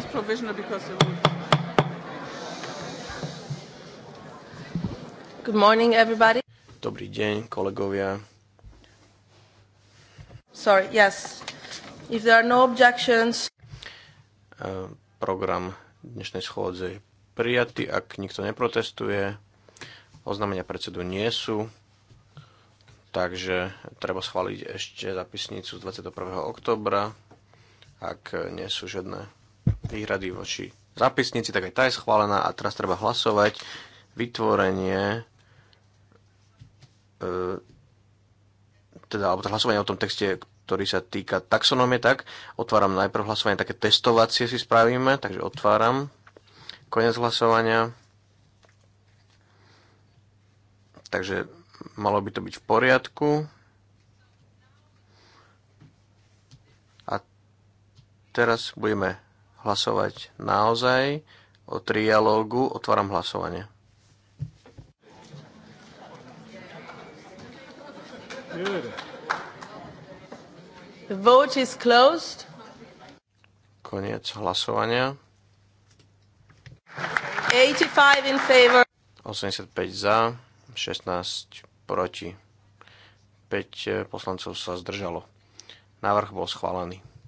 that's provisional because it will... Good morning, everybody. Dobrý deň, kolegovia. Sorry, yes. If there are no objections... Eh, program dnešnej schôdze je prijatý, ak nikto neprotestuje. Oznámenia predsedu nie sú. Takže treba schváliť ešte zapisnicu z 21. oktobra, ak nie sú žiadne výhrady voči zápisnici, tak aj tá je schválená a teraz treba hlasovať vytvorenie e, teda, alebo to hlasovanie o tom texte, ktorý sa týka taxonomie, tak otváram najprv hlasovanie, také testovacie si spravíme, takže otváram koniec hlasovania. Takže malo by to byť v poriadku. A teraz budeme hlasovať naozaj o trialógu. Otváram hlasovanie. The vote is closed. Koniec hlasovania. 85 in favor. 85 za, 16 proti. 5 eh, poslancov sa zdržalo. Návrh bol schválený.